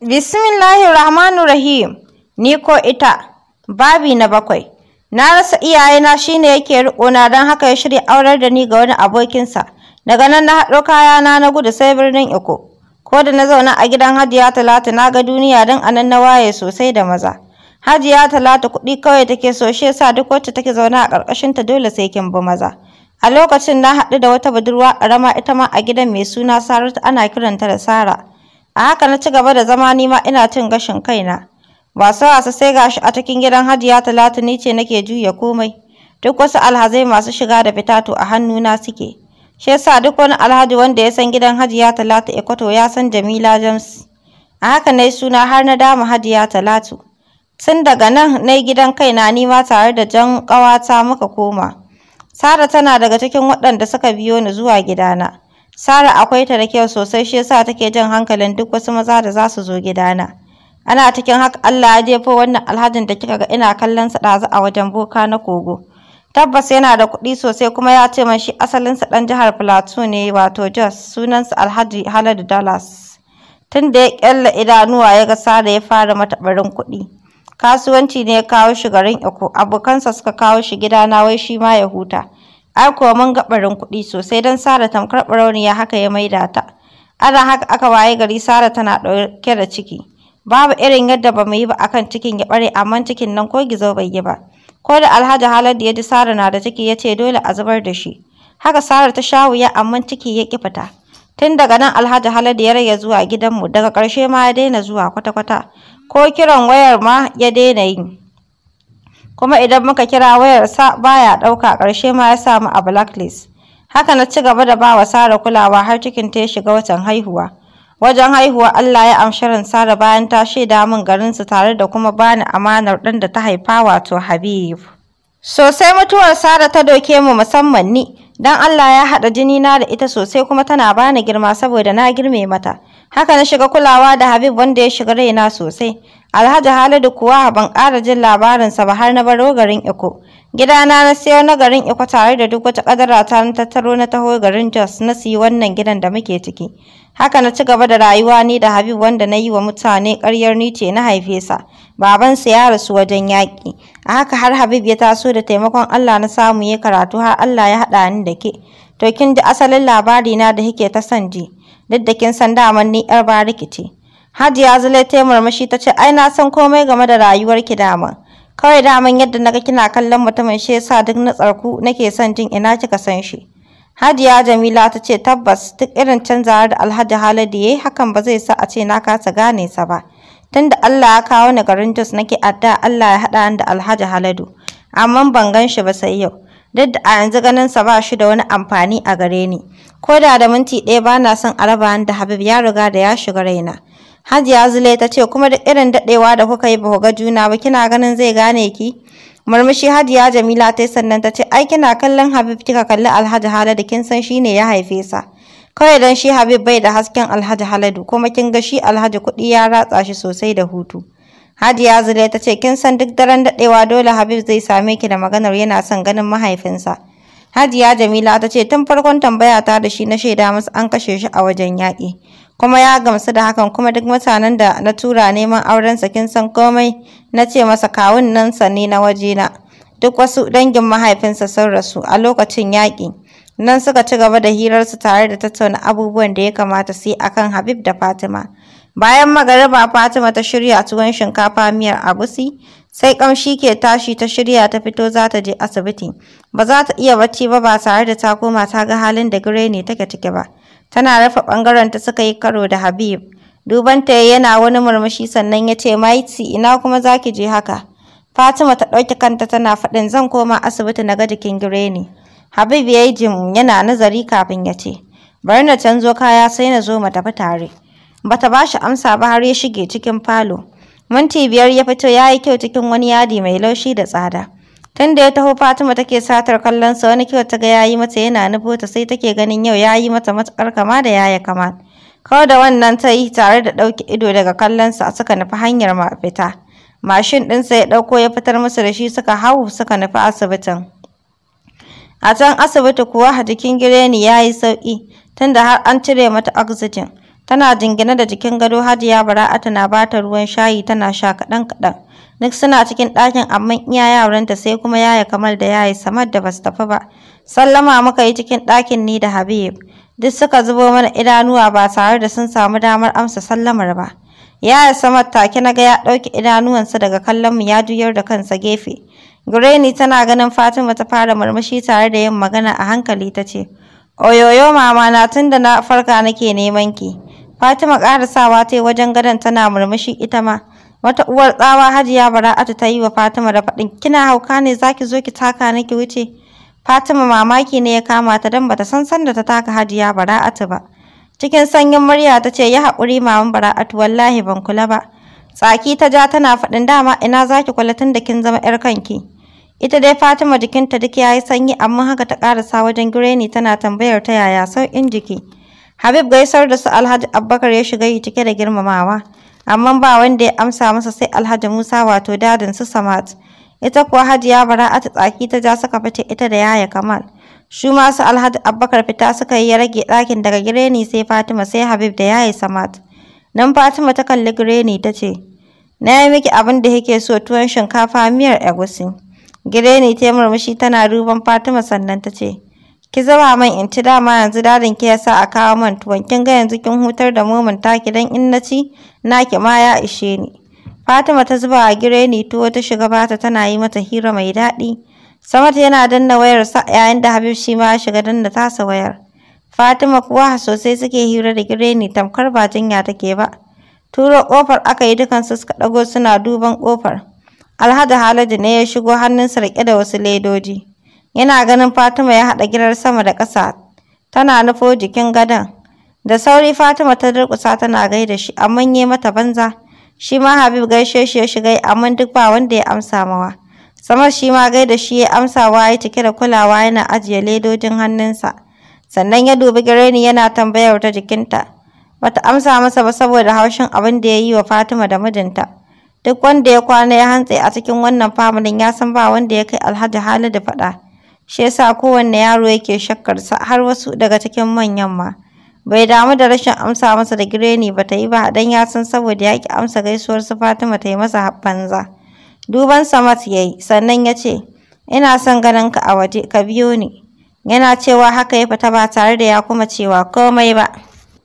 Bismillahir Rahmanir Rahim. Ni ko ita, babi na bakwai. Na rasa iyayena shine yake riko na dan haka ya shirya aurar da ni ga wani abokinsa. Daga nan na haɗo kayana na gudu sai birnin iko. Ko da na zauna a gidan Hajiya Talatu na ga duniya dan a nan na waye sosai da maza. Hajiya Talatu kuɗi kawai take so shi yasa duk wacce take zauna a ta dole sai kin bi maza. A lokacin na haɗu da wata budurwa ƙarama ita ma a gidan mai suna Saratu ana kiranta da Sara. a haka na ci gaba da zama nima ina cin gashin kaina ba wasa sai gashi a cikin gidan hajiya talatu ni ce nake juya komai duk wasu alhazai masu shiga da fita to a hannuna suke shi yasa duk wani alhaji wanda ya san gidan hajiya talatu ekwato ya san jamila james a haka na yi suna har na dama hajiya talatu tun daga nan na yi gidan kaina nima tare da jan ƙawata muka koma sara tana daga cikin waɗanda suka biyo ni zuwa gidana Sara akwai ta da kyau sosai shi yasa take jan hankalin duk wasu maza da za su zo gidana. Ana cikin haka Allah ya jefo wannan alhajin da kika ga ina kallon sa ɗazu a wajen boka na kogo. Tabbas yana da kuɗi sosai kuma ya ce man shi sa ɗan jihar Plateau ne wato Jos sunansa Alhaji Haladu Dallas. Tunda da ya ƙyalla idanuwa ya ga Sara ya fara mata barin kuɗi. Kasuwanci ne ya kawo shi garin Eko abokansa suka kawo shi gidana wai shi ma ya huta. Ai kuwa mun ga barin kuɗi sosai don Sara tamkar barauniya haka ya maida ta. Ana haka aka waye gari Sara tana ɗauke da ciki. Babu irin yadda ba mu yi ba akan cikin ya ɓare amma cikin nan ko gizo bai yi ba. Ko da Alhaji Haladu ya ji Sara na da ciki ya ce dole a zubar da shi. Haka Sara ta sha wuya amma ciki ya ƙi fita. Tun daga nan Alhaji Haladu ya rage zuwa gidanmu daga ƙarshe ma ya daina zuwa kwata-kwata. Ko kiran wayar ma ya daina yi. kuma idan muka kira wayarsa baya ɗauka ƙarshe ma ya samu a blacklist haka na ci gaba da ba wa Sara kulawa har cikin ta ya shiga watan haihuwa wajen haihuwa Allah ya amshi ran Sara bayan ta shaida min garinsu tare da kuma bani amanar ɗan da ta haifa wato Habib sosai mutuwar Sara ta doke mu musamman ni dan Allah ya haɗa jini na da ita sosai kuma tana bani girma saboda na girme mata Haka na shiga kulawa da Habib wanda ya shiga raina sosai. Alhaji Haladu kuwa ban ƙara jin labarinsa ba har na baro garin Eko. Gidana na sayo na garin Eko tare da duk wata ƙadara ta na tattaro na taho garin Jos na siyi wannan gidan da muke ciki. Haka na ci gaba da rayuwa ni da Habib wanda na yi wa mutane ƙaryar ni ce na haife sa. Babansa ya rasu wajen yaƙi. A haka har Habib ya taso da taimakon Allah na samu ya karatu har Allah ya haɗa ni da ke. To kin ji asalin labari na da kike ta son ji. duk da kin san daman ni yar bariki ce hajiya zule ta murmushi ta ce ai na san komai game da rayuwar ki daman kawai daman yadda naga kina kallon mutumin shi yasa duk na tsarku nake son jin ina kika san shi Hajiya Jamila ta ce tabbas duk irin canzawa da Alhaji Haladu yayi hakan ba zai sa a ce na kasa gane sa ba. Tunda Allah ya kawo ni garin Jos nake adda Allah ya haɗa da Alhaji Haladu. Amma ban gan shi ba sai yau. Duk da a yanzu ganin sa ba shi da wani amfani a gare ni. ko da da minti ɗaya ba na son a da Habib ya riga da ya shiga raina. Hajiya Zule ta ce kuma duk irin daɗewa da kuka yi ba ku ga juna ba kina ganin zai gane ki? Murmushi Hajiya Jamila ta yi sannan ta ce ai kina kallon Habib kika kalli Alhaji Haladu kin san shi ne ya haife sa. Kawai don shi Habib bai da hasken Alhaji Haladu kuma kin ga shi Alhaji kuɗi ya ratsa shi sosai da hutu. Hajiya Zule ta ce kin san duk daren daɗewa dole Habib zai same ki da maganar yana son ganin mahaifinsa. Hajiya Jamila ta ce tun farkon tambaya ta da shi na shaida masa an kashe shi a wajen yaƙi. Kuma ya gamsu da hakan kuma duk mutanen da na tura neman auren kin san komai na ce masa kawun nan ne na wajena. Duk wasu dangin mahaifinsa sun rasu a lokacin yaƙi. Nan suka ci gaba da hirarsu tare da tattauna abubuwan da ya kamata su yi akan Habib da Fatima. Bayan magariba Fatima ta shirya tuwon shinkafa miyar agusi sai kamshi ke tashi ta shirya ta fito za ta je asibiti. Ba za ta iya bacci ba ba tare da ta koma ta ga halin da ne take ciki ba. Tana rufe bangaren ta suka yi karo da Habib. Duban ta yana wani murmushi sannan ya ce Maiti ina kuma za ki je haka. Fatima ta ɗauki kanta tana faɗin zan koma asibiti na ga jikin ne Habib ya yi jim yana nazari kafin ya ce bari na canzo kaya sai na zo mu tafi tare. Bata ba shi amsa ba har ya shige cikin falo. Minti biyar ya fito ya yi kyau cikin wani yadi mai laushi da tsada. Tun da ya taho Fatima take satar kallon sa wani kyau ta ga yayi mata yana nufo ta sai take ganin yau yayi mata matuƙar kama da yaya kama. Kawo da wannan ta yi tare da ɗauki ido daga kallonsa sa suka nufi hanyar mafita. Mashin ɗinsa ya ɗauko ya fitar musu da shi suka hau suka nufi asibitin. A can asibiti kuwa jikin Gireni ya yi sauƙi tunda har an cire mata oxygen. Tana jingine da jikin gado Hajiya Bara'ata na ba ta ruwan shayi tana sha kaɗan-kaɗan. Duk suna cikin ɗakin amma iya yaranta sai kuma yaya Kamal da yaya Samad da basu tafi ba. Sallama muka yi cikin ɗakin ni da Habib. Duk suka zubo mana idanuwa ba tare da sun samu damar amsa sallamar ba. Yaya Samad take na ga ya ɗauki idanuwansa daga kallon mu ya juyar da kansa gefe. Gureni tana ganin Fatima ta fara murmushi tare da yin magana a hankali ta ce, Oyoyo mama na tunda na farka nake neman ki. Fatima karasawa ta yi wajen gadon tana murmushi ita ma. Wata uwar tsawa Hajiya Bara'atu ta yi wa Fatima da faɗin kina hauka ne zaki zo ki taka nake wuce. Fatima mamaki ne ya kama ta don bata san sanda ta taka Hajiya Bara'atu ba. Cikin sanyin murya ta ce ya hakuri maman Bara'atu wallahi ban kula ba. Tsaki ta ja tana faɗin dama ina zaki kula tunda kin zama 'yar kanki. Ita dai Fatima jikinta duk ya yi sanyi amma haka ta ƙarasa wajen Gireni tana tambayar ta yaya sauƙin jiki. Habib gaisar da su Alhaji Abubakar ya shiga yi cike da girmamawa. Amma ba wanda ya amsa masa sai Alhaji Musa wato dadin su Samat. Ita kuwa Hajiya Bara'a ta tsaki ta ja suka fita ita da yaya Kamal. Shu ma su Alhaji Abubakar fita suka yi ya rage ɗakin daga Gireni sai Fatima sai Habib da yaya Samat. Nan Fatima ta kalli Gireni ta ce, Na yi miki abin da yake so tuwon shinkafa miyar egusi. Gireni ta murmushi tana duban Fatima sannan ta ce, Ki zama man in ci dama yanzu dadin ki yasa a kawo man tuwon kin ga yanzu kin hutar da momin taki dan in na ci naki ma ya ishe ni. Fatima ta zuba a gireni tuwo ta shiga bata tana yi mata hira mai daɗi. Samata yana danna wayar sa yayin da Habib shi ma ya shiga danna tasa wayar. Fatima kuwa sosai suke hira da gireni tamkar ba jinya take ba. Turo kofar aka yi dukansu suka ɗago suna duban kofar. alhaji haladu ne ya shigo hannunsa rike da wasu ledoji yana ganin fatima ya haɗa girar sama da ƙasa tana nufo jikin gadon da sauri fatima ta durƙusa tana gaida shi amma yi mata banza shi ma habib gaishe shi ya shiga amma duk ba wanda ya amsa mawa samar shi ma gaida shi ya amsa wa ya cike da kulawa yana ajiye ledojin hannunsa sannan ya dubi gireni yana tambayar ta jikinta bata amsa masa ba saboda haushin abin da ya yi wa fatima da mijinta duk wanda ya kwana ya hantse a cikin wannan famulin ya san ba wanda ya kai alhaji hali da faɗa shi yasa kowanne yaro yake shakkarsa har wasu daga cikin manyan ma bai damu da rashin amsa masa da gireni ba ta yi ba dan ya san saboda ya ki amsa gaisuwar su fatima ta yi masa banza duban samat ya yi sannan ya ce ina son ganin ka a waje ka biyo ni yana cewa haka ya fita ba tare da ya kuma cewa komai ba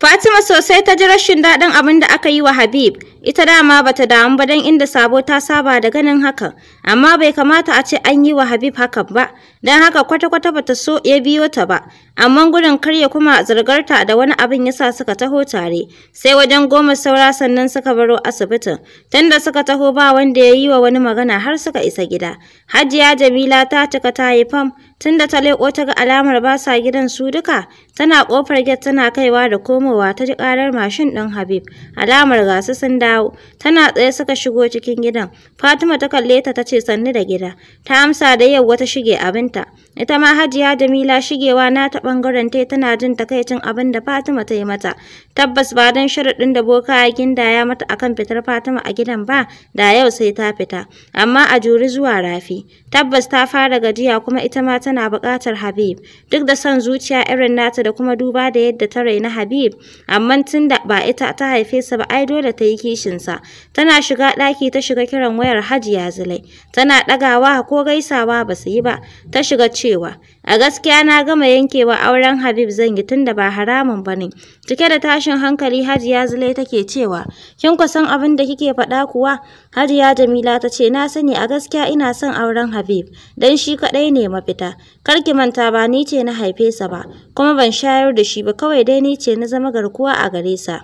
Fatima sosai ta ji rashin daɗin abin da aka yi wa Habib, ita dama ba ta damu ba don inda sabo ta saba da ganin hakan, amma bai kamata a ce an yi wa Habib hakan ba, don haka kwata-kwata ba ta so ya biyo ta ba, amma gudun karya kuma zargarta da wani abin ya sa suka taho tare, sai wajen goma saura sannan suka baro asibitin, tunda suka taho ba wanda ya yi wa wani magana har suka isa gida. Hajiya Jamila ta cika ta yi fam, Tunda ta leƙo ta ga alamar ba sa gidan su duka, tana ƙofar get tana kaiwa da komowa ta ji ƙarar mashin ɗin Habib. Alamar gasu sun dawo, tana tsaye suka shigo cikin gidan. Fatima ta kalle ta ta ce sannu da gida. Ta amsa da yau wata shige abinta. Ita ma Hajiya Jamila shigewa na ta ɓangaren tai tana jin takaicin abin da Fatima ta yi mata. Tabbas ba don sharaɗin da boka ya ginda ya mata akan fitar Fatima a gidan ba, da yau sai ta fita. Amma a juri zuwa rafi. Tabbas ta fara gajiya kuma ita ma ta tana buƙatar Habib. Duk da son zuciya irin nata da kuma duba da yadda ta raina Habib, amma tun da ba ita ta haife sa ba ai dole ta yi kishinsa. Tana shiga ɗaki ta shiga kiran wayar Hajiya Zulai. Tana ɗagawa ko gaisawa ba su yi ba. Ta shiga cewa, a gaskiya na gama yankewa auren Habib zan yi tun da ba haramun ba ne. Cike da tashin hankali Hajiya Zulai take cewa, kin kusan abin da kike faɗa kuwa? Hajiya Jamila ta ce na sani a gaskiya ina son auren Habib dan shi kaɗai ne mafita. Kar ki manta ba ni ce na haife sa ba kuma ban shayar da shi ba kawai dai ni ce na zama garkuwa a gare sa.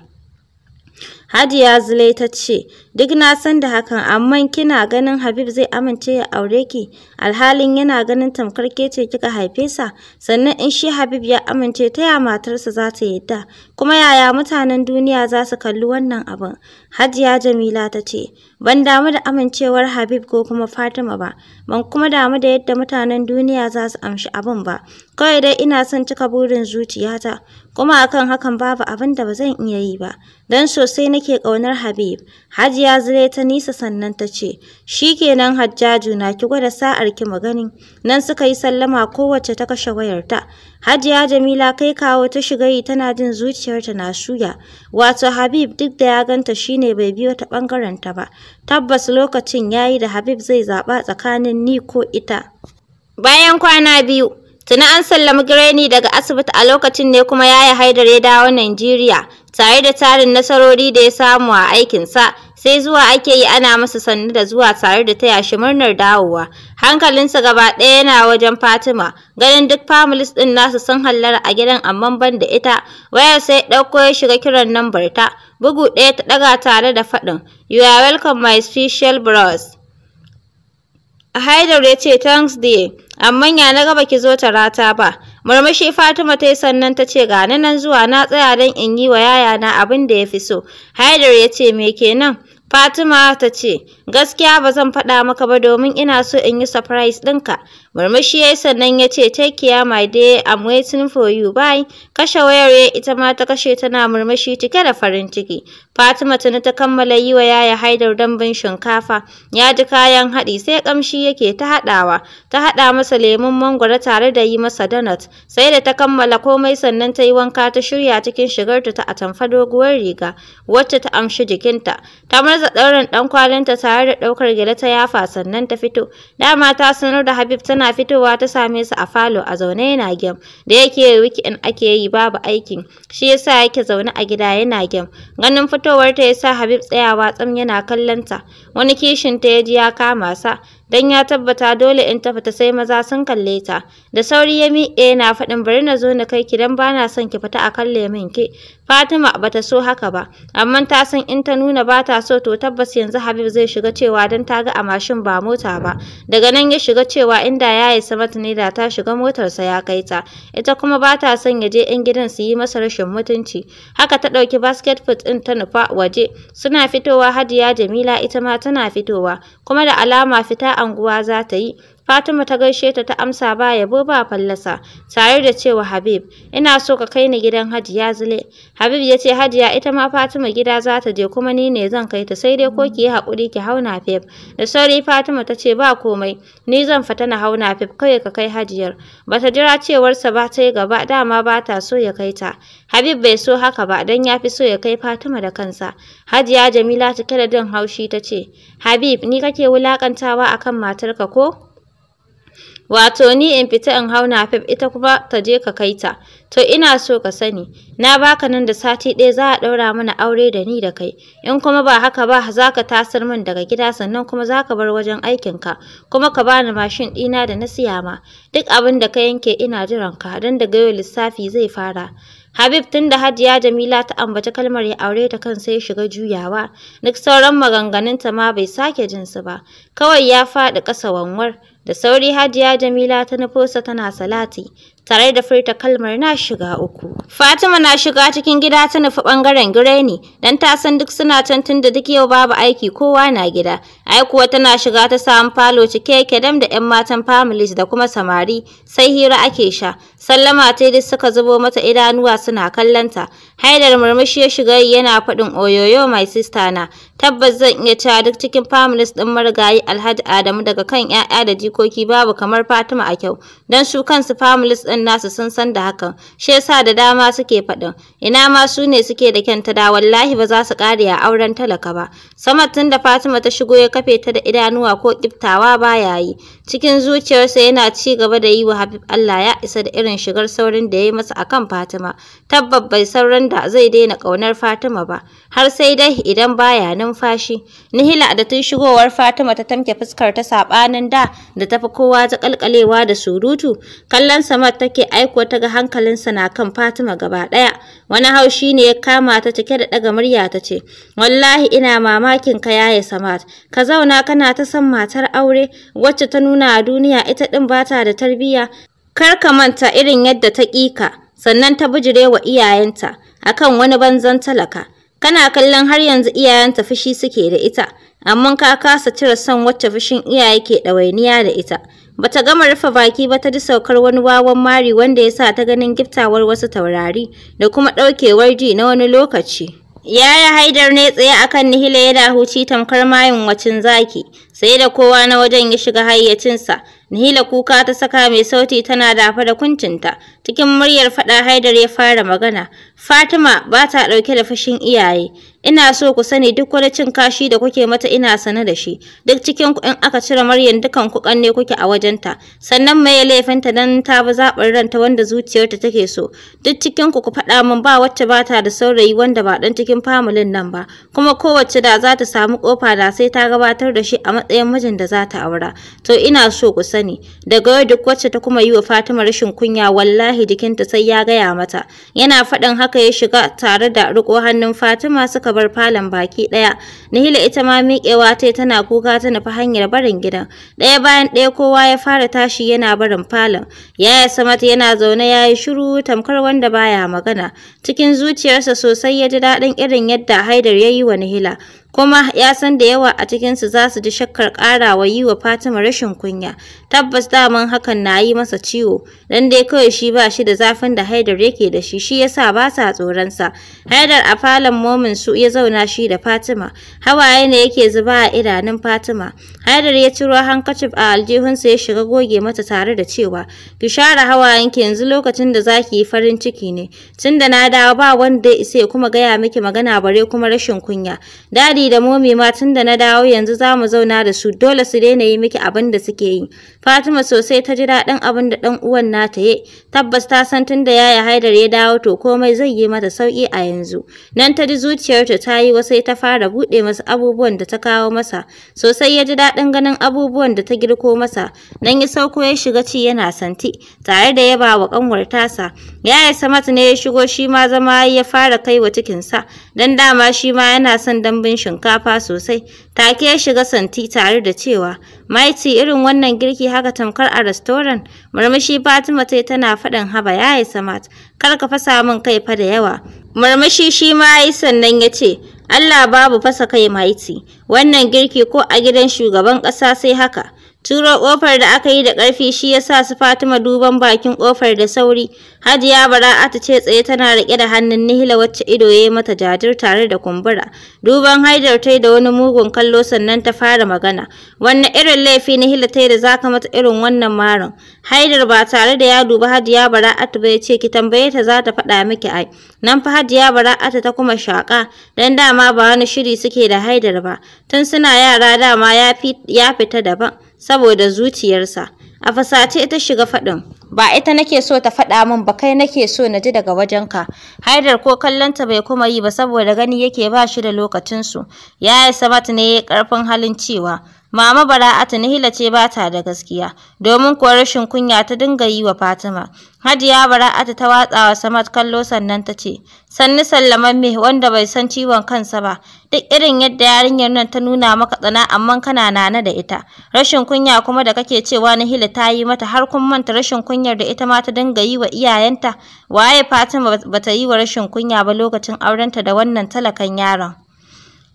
Hadiya Zulai ta ce, Duk na san da hakan, amma kina ganin Habib zai amince ya aure ki, alhalin yana ganin tamkar ke ce kika haife sa, sannan in shi Habib ya amince ta ya matarsa za ta yadda, kuma yaya mutanen duniya za su kalli wannan abin. hadiya Jamila ta ce, Ban damu da amincewar Habib ko kuma Fatima ba, ban kuma damu da yadda mutanen duniya za su amshi abin ba, kawai dai ina son cika burin zuciyata, kuma akan hakan babu abin da ba zan iya yi ba, don sosai na nake ƙaunar Habib. Hajiya zure ta nisa sannan ta ce, shi kenan Hajjaju na ki gwada sa'ar ki magani Nan suka yi sallama kowace ta kashe wayarta. Hajiya Jamila kai kawo ta shiga yi tana jin zuciyarta na shuya. Wato Habib duk da ya ganta shi ne bai biyo ta ɓangaren ba. Tabbas lokacin ya yi da Habib zai zaɓa tsakanin ni ko ita. Bayan kwana biyu, Tuna an sallami Gireni daga asibiti a lokacin ne kuma ya Haidar ya dawo Najeriya tare da tarin nasarori da ya samu a aikinsa sai zuwa ake yi ana masa sannu da zuwa tare da taya shi murnar dawowa hankalinsa gaba ɗaya yana wajen fatima ganin duk families ɗin nasu sun hallara a gidan amma ban da ita wayar sai ɗauko ya shiga kiran nambar ta bugu ɗaya ta ɗaga tare da faɗin you are welcome my special bros haidar ya ce thanks dear amma ya na gaba ki zo ta rata ba Murmushi Fatima ta yi sannan ta ce ga nan zuwa na tsaya don in yi wa yayana abin da ya fi so. Haidar ya ce me kenan? Fatima ta ce, Gaskiya ba zan faɗa maka ba domin ina so in yi surprise ɗinka, Murmushi ya sannan ya ce, Take care my dear, I'm waiting for you, bye. Kashe wayar ya ita ma ta kashe tana murmushi cike da farin ciki. Fatima tana ta kammala yi wa yaya haidar dambun shinkafa. Ya ji kayan haɗi sai ƙamshi yake ta haɗawa. Ta haɗa masa lemon mangwaro tare da yi masa donut. Sai da ta kammala komai sannan ta yi wanka ta shirya cikin shigarta ta atamfa doguwar riga wacce ta amshi jikinta. Ta marza ɗaurin ɗan kwalinta tare da ɗaukar gyale ta yafa sannan ta fito. Dama ta sanar da Habib tana Yana fitowa ta same su a falo a zaune yana gem da yake wikin ake yi babu aikin shi yasa yake zaune a gida yana gem ganin fitowar ta sa Habib tsayawa tsam yana kallon ta wani kishin ta ya ji ya kama sa don ya tabbata dole in ta fita sai maza sun kalle ta. Da sauri ya miƙe yana faɗin bari na zo na kai ki don bana son ki fita a kalle min ki. Fatima bata so haka ba, amma ta san in ta nuna ba ta so to tabbas yanzu Habib zai shiga cewa don ta ga a mashin ba mota ba. Daga nan ya shiga cewa inda ya isa mata ne da ta shiga motarsa ya kai ta. Ita kuma ba ta son ya je 'yan gidan su yi masa rashin mutunci. Haka ta ɗauki basket foot ɗin ta nufa waje. Suna fitowa Hadiya Jamila ita ma tana fitowa, kuma da alama fita anguwa za ta yi Fatima ta gaishe ta ta amsa ba yabo ba fallasa, tare da cewa Habib, ina so ka kai ni gidan Hajiya Zule. Habib ya ce Hajiya ita ma Fatima gida za ta je kuma ni ne zan kai ta sai dai ko ki yi hakuri ki hauna Fif. Da sauri Fatima ta ce ba komai, ni zan fita na hauna Fif kawai ka kai Hajiyar. Bata jira cewarsa ba ta yi gaba dama ba ta so ya kai ta. Habib bai so haka ba don ya fi so ya kai Fatima da kansa. Hajiya Jamila cike da jin haushi ta ce, Habib, ni kake wulakantawa akan matarka ko? wato ni in fita in hau na fif ita kuma ta je ka kai ta to ina so ka sani na baka nan da sati ɗaya za a ɗaura mana aure da ni da kai in kuma ba haka ba za ka tasar min daga gida sannan kuma za ka bar wajen aikin ka kuma ka bani mashin ɗina da na siya ma duk abin da ka yanke ina jiran ka, don daga yau lissafi zai fara Habib tun da Hadiya Jamila ta ambaci kalmar ya aure ta kan sai shiga juyawa, duk sauran maganganunta ma bai sake jinsu ba, kawai ya faɗi ƙasa wanwar. Da sauri Hajiya Jamila ta nufosa tana salati, tare da furta kalmar na shiga uku. Fatima na shiga cikin gida ta nufi ɓangaren Gireni, don ta san duk suna can tun da duk yau babu aiki kowa na gida. Ai kuwa tana shiga ta samu falo cike dam da 'yan matan families da kuma samari, sai hira ake sha. Sallama ta duk suka zubo mata idanuwa suna kallonta. Haidar murmushi ya shiga yana faɗin oyoyo my sister na, tabbas zan iya cewa duk cikin families ɗin marigayi Alhaji Adamu daga kan ‘ya'ya da jikoki babu kamar Fatima a kyau, don su kansu families ɗin nasu sun san da hakan, shi yasa da dama suke faɗin, ina ma su ne suke da kyanta da wallahi ba za su kare a auren talaka ba. Samar tun da Fatima ta shigo ya kafe ta da idanuwa ko ƙiftawa baya yi, Cikin zuciyarsa yana ci gaba da yi wa Habib Allah ya isa da irin shigar saurin da ya yi masa akan Fatima. Tabbab bai sauran da zai daina ƙaunar Fatima ba, har sai dai idan baya numfashi. Nihila da tun shigowar Fatima ta tamke fuskar ta saɓanin da da tafi kowa ta kalkalewa da surutu. Kallon Samad take aiko ta ga hankalinsa na kan Fatima gaba ɗaya. Wani haushi ne ya kama ta cike da ɗaga murya ta ce, Wallahi ina mamakin ka yaye Samad, ka zauna kana ta san matar aure wacce ta nuna nuna a duniya ita ɗin ba ta da tarbiyya kar ka manta irin yadda ta ƙika sannan ta bijire wa iyayenta akan wani banzan talaka kana kallon har yanzu iyayenta fushi suke da ita amma ka kasa cire son wacce fushin iyaye ke ɗawainiya da ita bata gama rufe baki ba ta ji saukar wani wawan mari wanda ya sa ta ganin giftawar wasu taurari da kuma ɗaukewar ji na wani lokaci Yaya Haidar ne tsaye akan nihila yana huci tamkar mayin wacin zaki, sai da kowa na wajen ya shiga hayyacinsa. Nihila kuka ta saka mai sauti tana dafa da kuncinta. Cikin muryar faɗa Haidar ya fara magana. Fatima ba ta ɗauke da fushin iyaye. Ina so ku sani duk wani cin kashi da kuke mata ina sane da shi. Duk cikin ku in aka cire Maryam dukan ku kanne kuke a wajenta. Sannan me ya laifinta dan ta bi zabin ranta wanda zuciyarta take so. Duk cikin ku ku faɗa min ba wacce ba ta da saurayi wanda ba dan cikin familin nan ba. Kuma kowace da za ta samu kofa da sai ta gabatar da shi a matsayin mijin da za ta aura. To ina so ku sani daga yau duk wacce ta kuma yi wa Fatima rashin kunya wallahi jikinta sai ya gaya mata. Yana faɗin haka ya shiga tare da riko hannun Fatima suka bar falon baki ɗaya. Nihila ita ma miƙewa ta tana kuka ta nufi hanyar barin gidan. Ɗaya bayan ɗaya kowa ya fara tashi yana barin falon. Yaya Samat yana zaune ya yi shiru tamkar wanda baya magana. Cikin zuciyarsa sosai ya ji daɗin irin yadda Haidar ya yi wa Nihila. kuma ya san da yawa a cikinsu za su ji shakkar ƙarawa yi wa Fatima rashin kunya. Tabbas daman hakan na yi masa ciwo, dan dai kawai shi ba shi da zafin da Haidar yake da shi, shi yasa ba sa tsoronsa. Haidar a falon momin su ya zauna shi da Fatima, hawaye ne yake zuba a idanun Fatima. Haidar ya ciro hankacif a aljihunsa ya shiga goge mata tare da cewa, ki share hawayenki yanzu lokacin da zaki yi farin ciki ne, tunda na dawo ba wanda ya isa ya kuma gaya miki magana bare kuma rashin kunya. Dadi da momi ma tun da na dawo yanzu za mu zauna da su dole su daina yi miki abin da suke yi. Fatima sosai ta ji daɗin abin da ɗan uwan nata ya tabbas ta san tun da yaya Haidar ya dawo to komai zai yi mata sauƙi a yanzu. Nan ta ji zuciyarta ta yi wasai ta fara buɗe masa abubuwan da ta kawo masa. Sosai ya ji daɗin ganin abubuwan da ta girko masa. Nan ya sauko ya shiga ci yana santi tare da yaba wa ƙanwar tasa. Yaya Samat ne ya shigo shi ma zama ya fara kai wa cikinsa don dama shi ma yana son dambin shinkafa. shinkafa sosai. Take ya shiga santi tare da cewa, Maiti irin wannan girki haka tamkar a restoran. Murmushi Fatima tai tana faɗin haba ya yi samat. Kar ka fasa min kai fa da yawa. Murmushi shi ma yi sannan ya ce, Allah babu fasa kai Maiti. Wannan girki ko a gidan shugaban ƙasa sai haka. Turo ƙofar da aka yi da ƙarfi shi ya sa su Fatima duban bakin ƙofar da sauri. Hajiya Bara'atu ce tsaye tana riƙe da hannun Nihila wacce ido ya yi mata jajir tare da kumbura. Duban Haidar ta da wani mugun kallo sannan ta fara magana. Wannan irin laifi Nihila ta da za ka mata irin wannan marin. Haidar ba tare da ya duba Hajiya Bara'atu ba ya ce ki tambaye ta za ta faɗa miki ai. Nan fa Hajiya Bara'atu ta kuma shaƙa don dama ba wani shiri suke da Haidar ba. Tun suna yara dama ya fita daban. saboda zuciyarsa. A fasace ta shiga faɗin, ba ita nake so ta faɗa min ba kai nake so na ji daga wajenka. Haidar ko kallonta bai kuma yi ba saboda gani yake ba shi da lokacinsu. Ya yi sabat ne ya ƙarfin halin cewa, Mama Bara'atu Nihila ce ba ta da gaskiya, domin kuwa rashin kunya ta dinga yi wa Fatima. Hajiya Bara'atu ta watsa wa Samad kallo sannan ta ce, Sannu sallamamme wanda bai san ciwon kansa ba, duk irin yadda yarinyar nan ta nuna maka tsana amma kana nana da ita. Rashin kunya kuma da kake cewa Nihila ta yi mata har kun manta rashin kunyar da ita ma ta dinga yi wa iyayenta. Waye Fatima ba ta yi wa rashin kunya ba lokacin aurenta da wannan talakan yaron.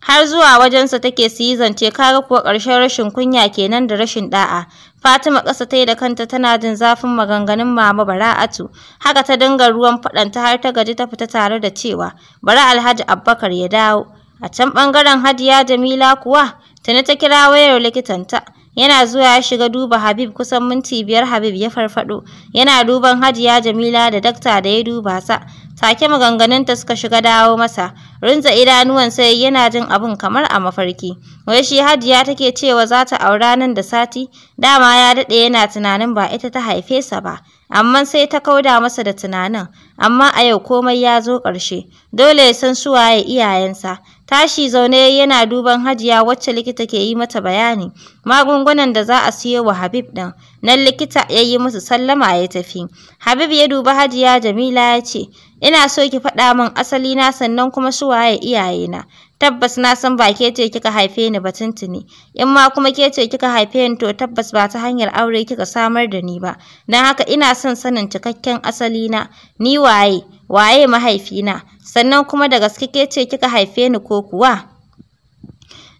har zuwa wajensa take siyi zance kaga kuwa ƙarshen rashin kunya kenan da rashin da'a Fatima ƙasa ta yi da kanta tana jin zafin maganganun mama Bara'atu haka ta dinga ruwan faɗanta har ta gaji ta fita tare da cewa bari Alhaji Abubakar ya dawo a can ɓangaren Hajiya Jamila kuwa tuni ta kira wayar likitanta Yana zuwa ya shiga duba Habib kusan minti biyar Habib ya farfado. Yana duban Hajiya Jamila da dakta da ya duba sa. Take maganganunta suka shiga dawo masa. runza idanuwan sai yana jin abun kamar a mafarki. Wai shi Hajiya take cewa za ta aura nan da sati, dama ya dade yana tunanin ba ita ta haife sa ba. amma sai ta kauda masa da tunanin amma a yau komai ya zo ƙarshe dole ya san su waye iyayensa tashi zaune yana duban hajiya wacce likita ke yi mata bayani magungunan da za a siyo wa habib ɗin nan likita ya yi musu sallama ya tafi habib ya duba hajiya jamila ya ce ina so ki faɗa min asali na sannan kuma su waye iyayena tabbas na san ba ke ce kika haife ni ba tuntuni in ma kuma ke ce kika haife ni to tabbas ba ta hanyar aure kika samar da ni ba na haka ina son sanin cikakken asali na ni waye waye mahaifina sannan kuma da gaske ke ce kika haife ni ko kuwa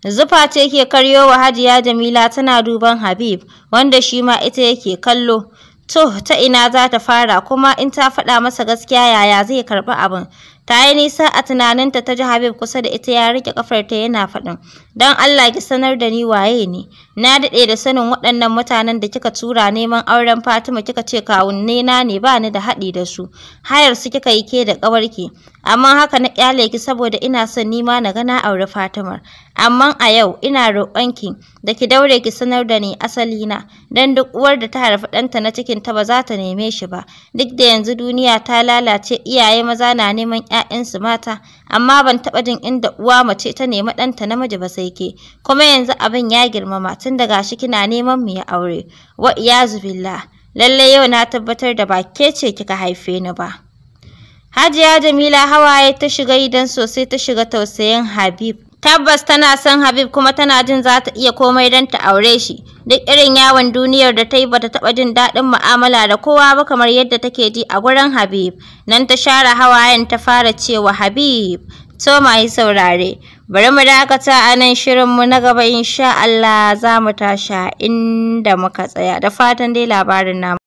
Zufa ce ke karyo wa Hajiya Jamila tana duban Habib, wanda shi ma ita yake kallo. To, ta ina za ta fara kuma in ta faɗa masa gaskiya yaya zai karɓi abin. Ta yi nisa a tunaninta ta ji Habib kusa da ita ya riƙe ƙafarta yana faɗin, don Allah ki sanar da ni waye ne, na daɗe da sanin waɗannan mutanen da kika tura neman auren Fatima kika ce kawunne na ne ba ni da haɗi da su, hayar su kika yi ke da ƙawarki, amma haka na ƙyale ki saboda ina son ni ma na gana na auri Fatimar. Amma a yau ina ki, da ki daure ki sanar da ni asali na. don duk uwar da ta harfi ɗanta na cikinta ba za ta neme shi ba, duk da yanzu duniya ta lalace iyaye maza na neman ƴaƴansu mata amma ban taɓa jin inda uwa mace ta nemi ɗanta namiji ba sai ke kuma yanzu abin ya girmama tun da gashi kina neman mu ya aure wa iyazu billah lallai yau na tabbatar da ba ke ce kika haife ni ba Hajiya Jamila hawaye ta shiga idan sosai ta shiga tausayin Habib Tabbas tana son Habib kuma tana jin za ta iya komai don ta aure shi. Duk irin yawon duniyar da ta yi bata taɓa jin daɗin mu'amala da kowa ba kamar yadda take ji a gurin Habib. Nan ta share hawayen ta fara cewa Habib. To mai saurare, bari mu dakata a nan mu na gaba insha Allah za mu tasha inda muka tsaya. Da fatan dai labarin namu.